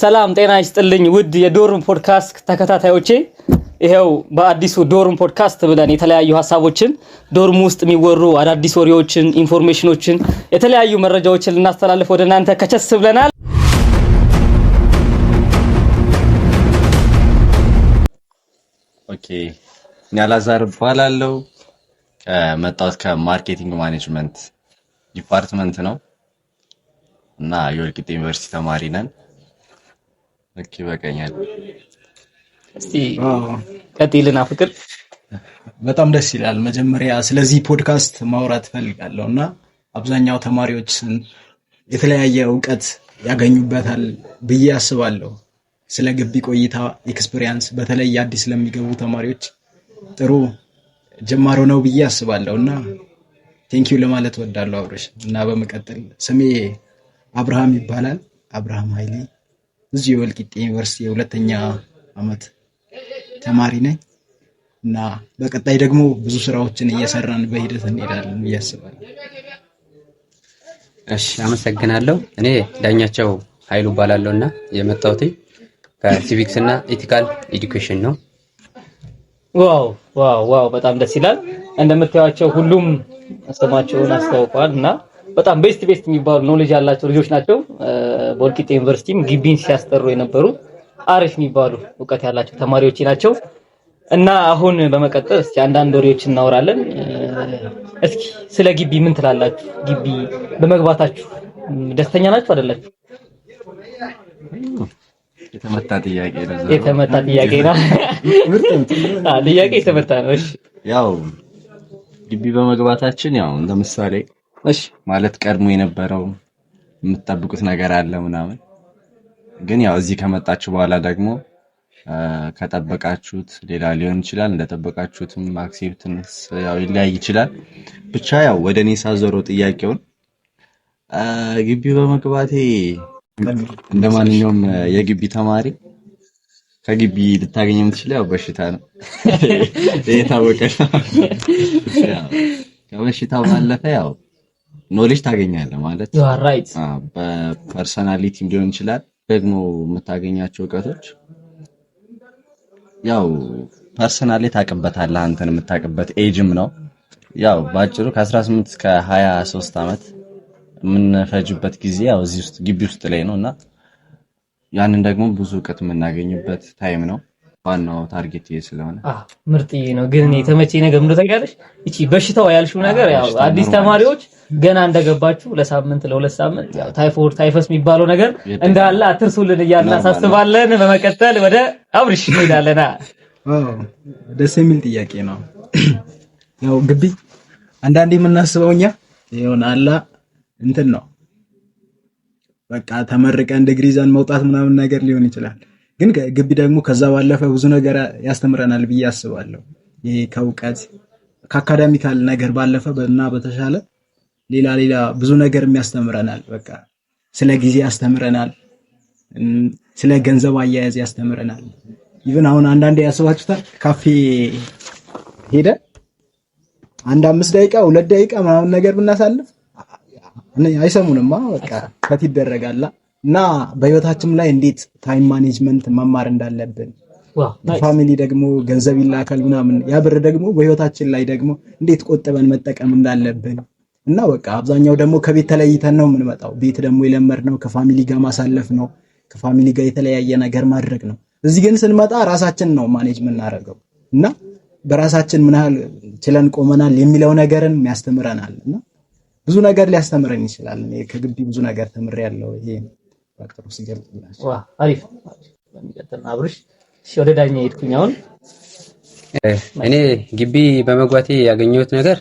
ሰላም ጤና ይስጥልኝ ውድ የዶርም ፖድካስት ተከታታዮቼ፣ ይኸው በአዲሱ ዶርም ፖድካስት ብለን የተለያዩ ሀሳቦችን ዶርም ውስጥ የሚወሩ አዳዲስ ወሬዎችን፣ ኢንፎርሜሽኖችን፣ የተለያዩ መረጃዎችን ልናስተላልፍ ወደ እናንተ ከቸስ ብለናል። ኦኬ እኔ አላዛር እባላለሁ። መጣሁት ከማርኬቲንግ ማኔጅመንት ዲፓርትመንት ነው እና የወልቂጤ ዩኒቨርሲቲ ተማሪ ነን። ልክ ይበቃኛል። እስቲ ቀጥልና ፍቅር በጣም ደስ ይላል። መጀመሪያ ስለዚህ ፖድካስት ማውራት እፈልጋለሁ እና አብዛኛው ተማሪዎች የተለያየ እውቀት ያገኙበታል ብዬ አስባለሁ። ስለ ግቢ ቆይታ ኤክስፒሪያንስ፣ በተለይ አዲስ ለሚገቡ ተማሪዎች ጥሩ ጀማሮ ነው ብዬ አስባለሁ እና ቴንኪዩ ለማለት ወዳለሁ አብረሽ እና በመቀጠል ስሜ አብርሃም ይባላል። አብርሃም ኃይሌ እዚሁ ወልቂጤ ዩኒቨርሲቲ የሁለተኛ ዓመት ተማሪ ነኝ እና በቀጣይ ደግሞ ብዙ ስራዎችን እየሰራን በሂደት እንሄዳለን እያስባል። እሺ፣ አመሰግናለሁ። እኔ ዳኛቸው ኃይሉ እባላለሁ እና የመጣሁት ከሲቪክስ እና ኢቲካል ኤዱኬሽን ነው። ዋው ዋው ዋው! በጣም ደስ ይላል። እንደምታዩቸው ሁሉም ስማቸውን አስታውቀዋል እና በጣም ቤስት ቤስት የሚባሉ ኖሌጅ ያላቸው ልጆች ናቸው። በወልቂጤ ዩኒቨርሲቲም ግቢን ሲያስጠሩ የነበሩ አሪፍ የሚባሉ እውቀት ያላቸው ተማሪዎች ናቸው እና አሁን በመቀጠል እስኪ አንዳንድ ወሬዎች እናወራለን። እስኪ ስለ ግቢ ምን ትላላችሁ? ግቢ በመግባታችሁ ደስተኛ ናችሁ አይደላችሁ? የተመታ ጥያቄ ነው። የተመታ ጥያቄ ነው። ጥያቄ የተመታ ነው። እሺ ያው ግቢ በመግባታችን ያው እንደምሳሌ እሺ ማለት ቀድሞ የነበረው የምትጠብቁት ነገር አለ ምናምን፣ ግን ያው እዚህ ከመጣችሁ በኋላ ደግሞ ከጠበቃችሁት ሌላ ሊሆን ይችላል። እንደጠበቃችሁትም አክሴፕትንስ ያው ይለያይ ይችላል። ብቻ ያው ወደ እኔ ሳዞረው ጥያቄውን ግቢ በመግባቴ እንደ ማንኛውም የግቢ ተማሪ ከግቢ ልታገኝ የምትችል ያው በሽታ ነው፣ የታወቀ ነው። ከበሽታው ባለፈ ያው ኖሌጅ ታገኛለህ ማለት በፐርሰናሊቲም ሊሆን ይችላል። ደግሞ የምታገኛቸው እውቀቶች ያው ፐርሰናሊ ታውቅበታለህ። አንተን የምታቅበት ኤጅም ነው። ያው በአጭሩ ከ18 እስከ 23 ዓመት የምንፈጅበት ጊዜ ያው እዚህ ውስጥ ግቢ ውስጥ ላይ ነው እና ያንን ደግሞ ብዙ እውቀት የምናገኝበት ታይም ነው። ዋናው ታርጌት ይሄ ስለሆነ ምርጥ ነው። ግን የተመቼ ነገር ምንድን ነው ታውቂያለሽ? በሽታው ያልሽው ነገር ያው አዲስ ተማሪዎች ገና እንደገባችሁ ለሳምንት ለሁለት ሳምንት ያው ታይፎይድ ታይፈስ የሚባለው ነገር እንዳለ አትርሱልን እያልን እናሳስባለን። በመቀጠል ወደ አብርሽ እንሄዳለን። ደስ የሚል ጥያቄ ነው። ያው ግቢ አንዳንዴ የምናስበው እኛ ይሁን አላ እንትን ነው በቃ ተመርቀን ዲግሪ ይዘን መውጣት ምናምን ነገር ሊሆን ይችላል። ግን ግቢ ደግሞ ከዛ ባለፈ ብዙ ነገር ያስተምረናል ብዬ አስባለሁ። ይሄ ከእውቀት ከአካዳሚካል ነገር ባለፈ እና በተሻለ ሌላ ሌላ ብዙ ነገር የሚያስተምረናል። በቃ ስለ ጊዜ ያስተምረናል፣ ስለ ገንዘብ አያያዝ ያስተምረናል። ኢቭን አሁን አንዳንዴ ያስባችሁታል ካፌ ሄደ አንድ አምስት ደቂቃ ሁለት ደቂቃ ምናምን ነገር ብናሳልፍ አይሰሙንማ። በቃ ከት ይደረጋላ እና በህይወታችን ላይ እንዴት ታይም ማኔጅመንት መማር እንዳለብን ፋሚሊ ደግሞ ገንዘብ ይላካል ምናምን፣ ያ ብር ደግሞ በህይወታችን ላይ ደግሞ እንዴት ቆጥበን መጠቀም እንዳለብን እና በቃ አብዛኛው ደግሞ ከቤት ተለይተን ነው የምንመጣው። ቤት ደግሞ ነው ከፋሚሊ ጋር ማሳለፍ ነው፣ ከፋሚሊ ጋር የተለያየ ነገር ማድረግ ነው። እዚህ ግን ስንመጣ ራሳችን ነው ማኔጅ የምናደርገው እና በራሳችን ምን ያህል ችለን ቆመናል የሚለው ነገርን ያስተምረናል እና ብዙ ነገር ሊያስተምረን ይችላል። ከግቢ ብዙ ነገር ተምሬያለሁ። ይሄ ፋክተሩ ሲገልጽላችሁ አሪፍ አብርሽ። ወደ ዳኛ ሄድኩኝ። አሁን እኔ ግቢ በመግባቴ ያገኘሁት ነገር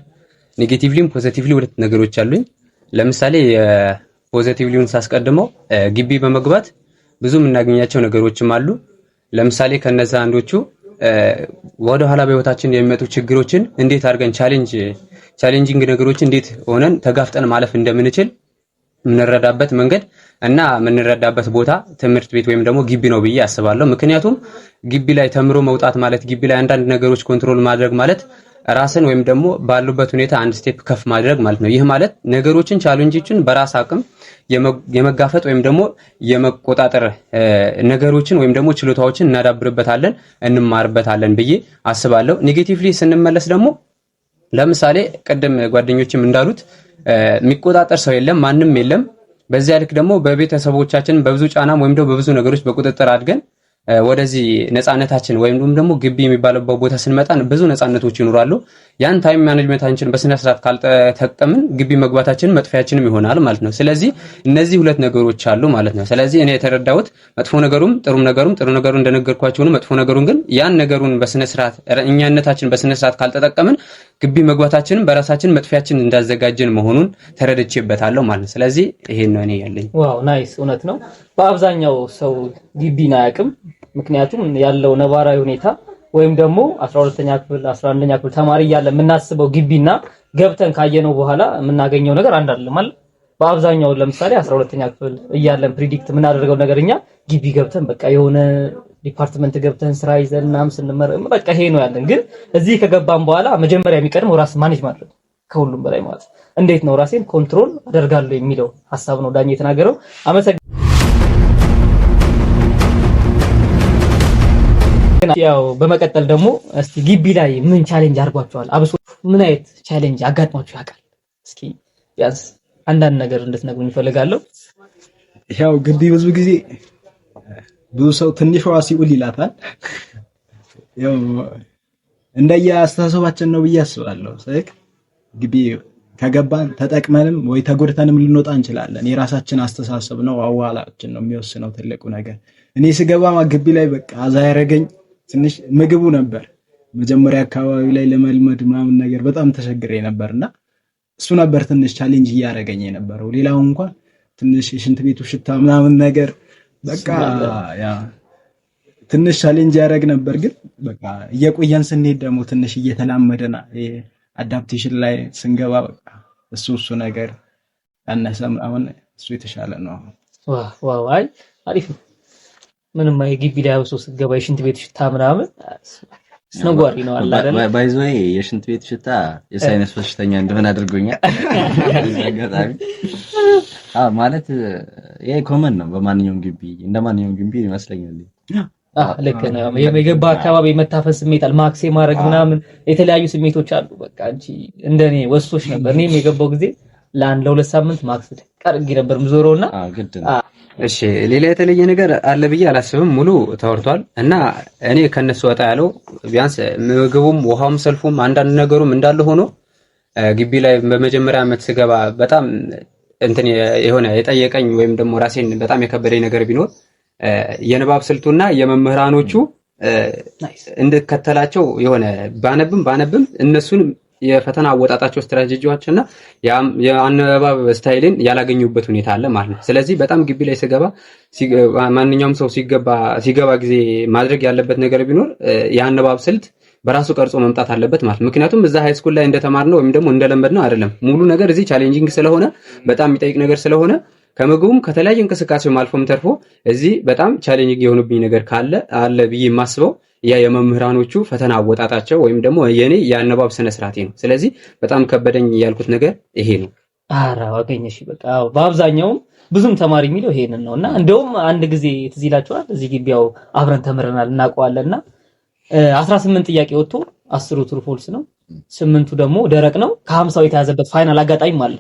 ኔጌቲቭሊም ፖዘቲቭሊ ሁለት ነገሮች አሉኝ። ለምሳሌ ፖዘቲቭሊውን ሳስቀድመው ግቢ በመግባት ብዙ የምናገኛቸው ነገሮችም አሉ። ለምሳሌ ከነዛ አንዶቹ ወደ ኋላ በህይወታችን የሚመጡ ችግሮችን እንዴት አድርገን ቻሌንጅ ቻሌንጂንግ ነገሮችን እንዴት ሆነን ተጋፍጠን ማለፍ እንደምንችል የምንረዳበት መንገድ እና የምንረዳበት ቦታ ትምህርት ቤት ወይም ደግሞ ግቢ ነው ብዬ አስባለሁ። ምክንያቱም ግቢ ላይ ተምሮ መውጣት ማለት ግቢ ላይ አንዳንድ ነገሮች ኮንትሮል ማድረግ ማለት ራስን ወይም ደግሞ ባሉበት ሁኔታ አንድ ስቴፕ ከፍ ማድረግ ማለት ነው። ይህ ማለት ነገሮችን ቻሌንጆችን በራስ አቅም የመጋፈጥ ወይም ደግሞ የመቆጣጠር ነገሮችን ወይም ደግሞ ችሎታዎችን እናዳብርበታለን፣ እንማርበታለን ብዬ አስባለሁ። ኔጌቲቭሊ ስንመለስ ደግሞ ለምሳሌ ቅድም ጓደኞችም እንዳሉት የሚቆጣጠር ሰው የለም፣ ማንም የለም። በዚያ ልክ ደግሞ በቤተሰቦቻችን በብዙ ጫናም ወይም ደግሞ በብዙ ነገሮች በቁጥጥር አድገን ወደዚህ ነፃነታችን ወይም ደግሞ ግቢ የሚባለበት ቦታ ስንመጣ ብዙ ነፃነቶች ይኖራሉ። ያን ታይም ማኔጅመንታችን በስነ ስርዓት ካልተጠቀምን ግቢ መግባታችን መጥፊያችንም ይሆናል ማለት ነው። ስለዚህ እነዚህ ሁለት ነገሮች አሉ ማለት ነው። ስለዚህ እኔ የተረዳሁት መጥፎ ነገሩም ጥሩ ነገሩም ጥሩ ነገሩ እንደነገርኳቸው ነው። መጥፎ ነገሩን ግን ያን ነገሩን በስነ ስርዓት እኛነታችን በስነ ስርዓት ካልተጠቀምን ግቢ መግባታችንም በራሳችን መጥፊያችን እንዳዘጋጀን መሆኑን ተረድቼበታለሁ ማለት ስለዚህ ይሄን ነው እኔ ያለኝ። ዋው ናይስ፣ እውነት ነው። በአብዛኛው ሰው ግቢን አያውቅም። ምክንያቱም ያለው ነባራዊ ሁኔታ ወይም ደግሞ 12ኛ ክፍል 11ኛ ክፍል ተማሪ እያለ የምናስበው ግቢና ገብተን ካየነው በኋላ የምናገኘው ነገር አንድ አይደለም ማለት በአብዛኛው ለምሳሌ 12ኛ ክፍል እያለን ፕሪዲክት የምናደርገው ነገር እኛ ግቢ ገብተን በቃ የሆነ ዲፓርትመንት ገብተን ስራ ይዘን ምናምን ስንመረ በቃ ይሄ ነው ያለን። ግን እዚህ ከገባን በኋላ መጀመሪያ የሚቀድመው ራስ ማኔጅ ማድረግ ከሁሉም በላይ ማለት እንዴት ነው ራሴን ኮንትሮል አደርጋለሁ የሚለው ሀሳብ ነው ዳኝ የተናገረው። አመሰግናለሁ። ያው በመቀጠል ደግሞ እስቲ ግቢ ላይ ምን ቻሌንጅ አድርጓቸዋል? አብሶ ምን አይነት ቻሌንጅ አጋጥሟቸው ያውቃል? እስኪ ቢያንስ አንዳንድ ነገር እንድትነግሩ ይፈልጋለሁ። ያው ግቢ ብዙ ጊዜ ብዙ ሰው ትንሿ ሲውል ይላታል። ያው እንደየ አስተሳሰባችን ነው ብዬ አስባለሁ። ስልክ ግቢ ከገባን ተጠቅመንም ወይ ተጎድተንም ልንወጣ እንችላለን። የራሳችን አስተሳሰብ ነው አዋላችን ነው የሚወስነው ትልቁ ነገር። እኔ ስገባማ ግቢ ላይ በቃ አዛ ያረገኝ ትንሽ ምግቡ ነበር። መጀመሪያ አካባቢ ላይ ለመልመድ ምናምን ነገር በጣም ተቸግሬ ነበርና እሱ ነበር ትንሽ ቻሌንጅ እያደረገኝ የነበረው። ሌላው እንኳን ትንሽ የሽንት ቤቱ ሽታ ምናምን ነገር በቃ ያ ትንሽ ቻሌንጅ ያደረግ ነበር፣ ግን በቃ እየቆየን ስንሄድ ደግሞ ትንሽ እየተላመደና አዳፕቴሽን ላይ ስንገባ በቃ እሱ እሱ ነገር ያነሰ አሁን እሱ የተሻለ ነው። ዋው አሪፍ ነው። ምንም የግቢ ላይ አብሶ ስትገባ የሽንት ቤት ሽታ ምናምን ስነጓሪ ነው አለ አይደል? የሽንት ቤት ሽታ የሳይነስ በሽተኛ እንደሆነ አድርጎኛል አጋጣሚ ማለት ይሄ ኮመን ነው በማንኛውም ግቢ ማንኛውም ግቢ ይመስለኛል። ልክ ነው። የገባ አካባቢ መታፈን ስሜት አለ፣ ማክሴ ማድረግ ምናምን የተለያዩ ስሜቶች አሉ። በቃ አንቺ እንደኔ ወሶች ነበር። እኔም የገባው ጊዜ ለአንድ ለሁለት ሳምንት ማክስ ቀርጌ ነበር ምዞረውና ግድ ነው። እሺ ሌላ የተለየ ነገር አለ ብዬ አላስብም። ሙሉ ተወርቷል እና እኔ ከነሱ ወጣ ያለው ቢያንስ ምግቡም፣ ውሃውም፣ ሰልፉም አንዳንድ ነገሩም እንዳለ ሆኖ ግቢ ላይ በመጀመሪያ ዓመት ስገባ በጣም እንትን የሆነ የጠየቀኝ ወይም ደግሞ ራሴን በጣም የከበደኝ ነገር ቢኖር የንባብ ስልቱና የመምህራኖቹ እንድከተላቸው የሆነ ባነብም ባነብም እነሱን የፈተና አወጣጣቸው ስትራቴጂዎች እና የአነባብ ስታይልን ያላገኙበት ሁኔታ አለ ማለት ነው። ስለዚህ በጣም ግቢ ላይ ስገባ ማንኛውም ሰው ሲገባ ጊዜ ማድረግ ያለበት ነገር ቢኖር የአነባብ ስልት በራሱ ቀርጾ መምጣት አለበት ማለት ምክንያቱም እዛ ሃይስኩል ላይ እንደተማርነው ወይም ደግሞ እንደለመድነው አይደለም። ሙሉ ነገር እዚህ ቻሌንጂንግ ስለሆነ በጣም የሚጠይቅ ነገር ስለሆነ ከምግቡም ከተለያየ እንቅስቃሴ አልፎም ተርፎ እዚህ በጣም ቻሌንጅ የሆኑብኝ ነገር ካለ አለ ብዬ የማስበው ያ የመምህራኖቹ ፈተና አወጣጣቸው ወይም ደግሞ የኔ የአነባብ ስነስርዓቴ ነው። ስለዚህ በጣም ከበደኝ ያልኩት ነገር ይሄ ነው። አራ አገኘሽ በቃ በአብዛኛውም ብዙም ተማሪ የሚለው ይሄንን ነው እና እንደውም አንድ ጊዜ ትዝ ይላችኋል እዚህ ግቢያው አብረን ተምረናል እና አስራ ስምንት ጥያቄ ወጥቶ አስሩ ትሩ ፎልስ ነው፣ ስምንቱ ደግሞ ደረቅ ነው። ከሀምሳው የተያዘበት ፋይናል አጋጣሚም አለ።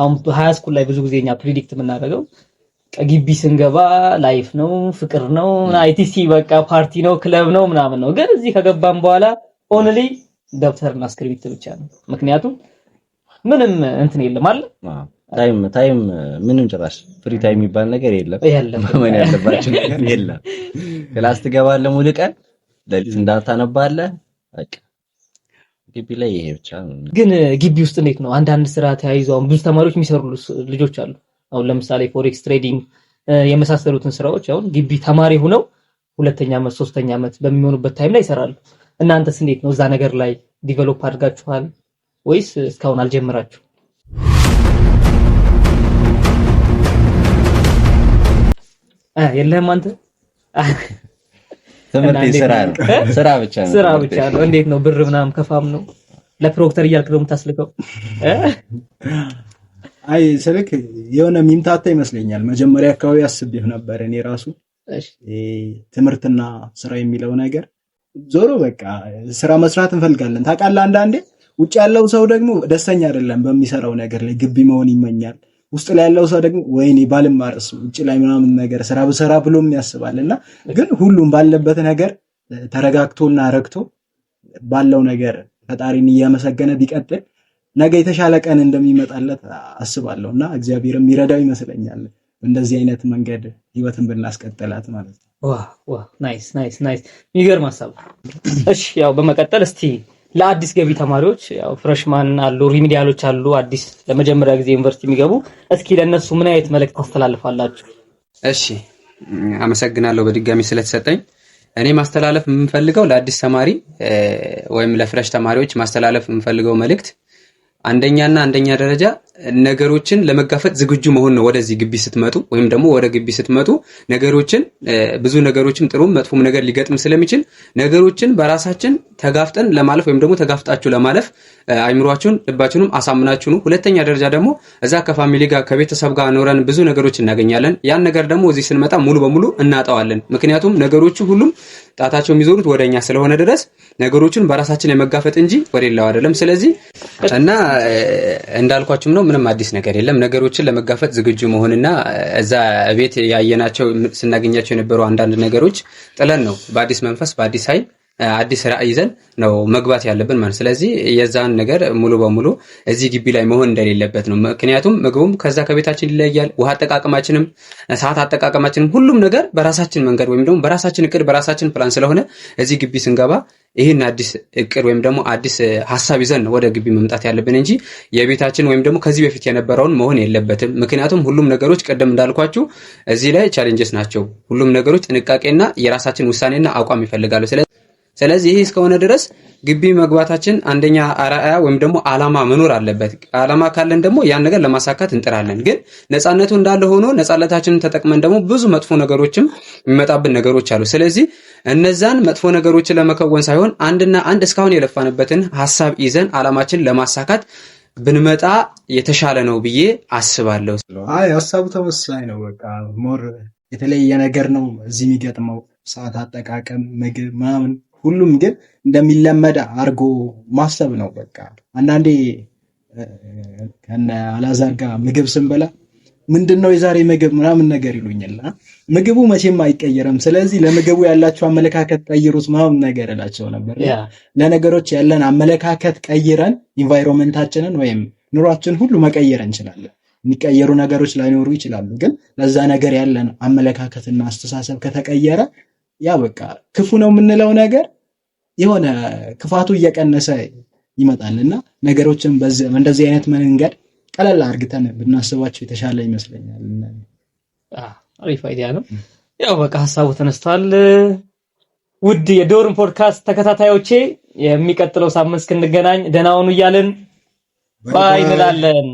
አሁን ሀያ ስኩል ላይ ብዙ ጊዜ እኛ ፕሪዲክት የምናደርገው ከግቢ ስንገባ ላይፍ ነው፣ ፍቅር ነው፣ አይቲሲ በቃ ፓርቲ ነው፣ ክለብ ነው ምናምን ነው። ግን እዚህ ከገባም በኋላ ኦንሊ ደብተርና እስክሪብት ብቻ ነው። ምክንያቱም ምንም እንትን የለም አለ ታይም ታይም ምንም ጭራሽ ፍሪ ታይም የሚባል ነገር የለም። መመን ያለባችሁ ነገር የለም። ክላስ ትገባለህ ሙሉ ቀን ለሊት እንዳታነባለህ ግቢ ላይ ይሄ ብቻ ነው። ግን ግቢ ውስጥ እንዴት ነው አንዳንድ ስራ ተያይዞ አሁን ብዙ ተማሪዎች የሚሰሩ ልጆች አሉ። አሁን ለምሳሌ ፎሬክስ ትሬዲንግ የመሳሰሉትን ስራዎች አሁን ግቢ ተማሪ ሆነው ሁለተኛ ዓመት ሶስተኛ ዓመት በሚሆኑበት ታይም ላይ ይሰራሉ። እናንተስ እንዴት ነው? እዛ ነገር ላይ ዲቨሎፕ አድርጋችኋል ወይስ እስካሁን አልጀምራችሁ? የለህም አንተ ትምህርት ስራ ነው፣ ስራ ብቻ ነው፣ ስራ ብቻ ነው። እንዴት ነው ብር ምናምን ከፋም ነው ለፕሮክተር እያልክ ነው የምታስልከው? አይ ስልክ የሆነ ሚምታታ ይመስለኛል። መጀመሪያ አካባቢ አስቤው ነበር እኔ ራሱ ትምህርትና ስራ የሚለው ነገር ዞሮ በቃ ስራ መስራት እንፈልጋለን። ታውቃለህ፣ አንዳንዴ ውጭ ያለው ሰው ደግሞ ደስተኛ አይደለም በሚሰራው ነገር ላይ ግቢ መሆን ይመኛል። ውስጥ ላይ ያለው ሰው ደግሞ ወይኔ ባልማረስ ውጭ ላይ ምናምን ነገር ስራ ብሰራ ብሎም ያስባል እና ግን ሁሉም ባለበት ነገር ተረጋግቶና ረግቶ ባለው ነገር ፈጣሪን እያመሰገነ ቢቀጥል ነገ የተሻለ ቀን እንደሚመጣለት አስባለሁ እና እግዚአብሔር የሚረዳው ይመስለኛል። እንደዚህ አይነት መንገድ ህይወትን ብናስቀጥላት ማለት ነው። ዋ ዋ ናይስ ናይስ ናይስ፣ የሚገርም ሀሳብ። እሺ ያው በመቀጠል እስቲ ለአዲስ ገቢ ተማሪዎች ያው ፍረሽማን አሉ፣ ሪሚዲያሎች አሉ፣ አዲስ ለመጀመሪያ ጊዜ ዩኒቨርሲቲ የሚገቡ እስኪ ለእነሱ ምን አይነት መልእክት ታስተላልፋላችሁ? እሺ አመሰግናለሁ በድጋሚ ስለተሰጠኝ። እኔ ማስተላለፍ የምፈልገው ለአዲስ ተማሪ ወይም ለፍረሽ ተማሪዎች ማስተላለፍ የምፈልገው መልእክት አንደኛና አንደኛ ደረጃ ነገሮችን ለመጋፈጥ ዝግጁ መሆን ነው። ወደዚህ ግቢ ስትመጡ ወይም ደግሞ ወደ ግቢ ስትመጡ ነገሮችን ብዙ ነገሮችም ጥሩም መጥፎም ነገር ሊገጥም ስለሚችል ነገሮችን በራሳችን ተጋፍጠን ለማለፍ ወይም ደግሞ ተጋፍጣችሁ ለማለፍ አይምሯችሁን ልባችሁንም አሳምናችሁ ነው። ሁለተኛ ደረጃ ደግሞ እዛ ከፋሚሊ ጋር ከቤተሰብ ጋር ኖረን ብዙ ነገሮች እናገኛለን። ያን ነገር ደግሞ እዚህ ስንመጣ ሙሉ በሙሉ እናጣዋለን። ምክንያቱም ነገሮቹ ሁሉም ጣታቸው የሚዞሩት ወደኛ ስለሆነ ድረስ ነገሮችን በራሳችን የመጋፈጥ እንጂ ወደሌላው አይደለም። ስለዚህ እና እንዳልኳችሁም ነው፣ ምንም አዲስ ነገር የለም። ነገሮችን ለመጋፈጥ ዝግጁ መሆንና እዛ ቤት ያየናቸው ስናገኛቸው የነበሩ አንዳንድ ነገሮች ጥለን ነው በአዲስ መንፈስ በአዲስ ኃይል አዲስ ራዕይ ይዘን ነው መግባት ያለብን ማለት። ስለዚህ የዛን ነገር ሙሉ በሙሉ እዚህ ግቢ ላይ መሆን እንደሌለበት ነው። ምክንያቱም ምግቡም ከዛ ከቤታችን ይለያል። ውሃ አጠቃቀማችንም፣ ሰዓት አጠቃቀማችንም ሁሉም ነገር በራሳችን መንገድ ወይም ደግሞ በራሳችን እቅድ፣ በራሳችን ፕላን ስለሆነ እዚህ ግቢ ስንገባ ይህን አዲስ እቅድ ወይም ደግሞ አዲስ ሀሳብ ይዘን ወደ ግቢ መምጣት ያለብን እንጂ የቤታችን ወይም ደግሞ ከዚህ በፊት የነበረውን መሆን የለበትም። ምክንያቱም ሁሉም ነገሮች ቀደም እንዳልኳችሁ እዚህ ላይ ቻሌንጀስ ናቸው። ሁሉም ነገሮች ጥንቃቄና የራሳችን ውሳኔና አቋም ይፈልጋሉ። ስለዚህ ስለዚህ ይህ እስከሆነ ድረስ ግቢ መግባታችን አንደኛ አርአያ ወይም ደግሞ ዓላማ መኖር አለበት። ዓላማ ካለን ደግሞ ያን ነገር ለማሳካት እንጥራለን። ግን ነፃነቱ እንዳለ ሆኖ ነፃነታችንን ተጠቅመን ደግሞ ብዙ መጥፎ ነገሮችም የሚመጣብን ነገሮች አሉ። ስለዚህ እነዛን መጥፎ ነገሮችን ለመከወን ሳይሆን አንድና አንድ እስካሁን የለፋንበትን ሀሳብ ይዘን ዓላማችን ለማሳካት ብንመጣ የተሻለ ነው ብዬ አስባለሁ። አይ ሀሳቡ ተመሳሳይ ነው። በቃ ሞር የተለየ ነገር ነው እዚህ የሚገጥመው ሰዓት አጠቃቀም ምግብ ምናምን ሁሉም ግን እንደሚለመድ አድርጎ ማሰብ ነው። በቃ አንዳንዴ ከነ አላዛር ጋር ምግብ ስንበላ ምንድን ነው የዛሬ ምግብ ምናምን ነገር ይሉኛል። ምግቡ መቼም አይቀየርም፣ ስለዚህ ለምግቡ ያላቸው አመለካከት ቀይሩት ምናምን ነገር እላቸው ነበር። ለነገሮች ያለን አመለካከት ቀይረን ኢንቫይሮንመንታችንን ወይም ኑሯችን ሁሉ መቀየር እንችላለን። የሚቀየሩ ነገሮች ላይኖሩ ይችላሉ፣ ግን ለዛ ነገር ያለን አመለካከትና አስተሳሰብ ከተቀየረ ያ በቃ ክፉ ነው የምንለው ነገር የሆነ ክፋቱ እየቀነሰ ይመጣል እና ነገሮችን እንደዚህ አይነት መንገድ ቀለል አርግተን ብናስባቸው የተሻለ ይመስለኛል። አሪፍ አይዲያ ነው። ያው በቃ ሀሳቡ ተነስቷል። ውድ የዶርም ፖድካስት ተከታታዮቼ የሚቀጥለው ሳምንት እስክንገናኝ ደህና ሁኑ እያልን ባይ እንላለን።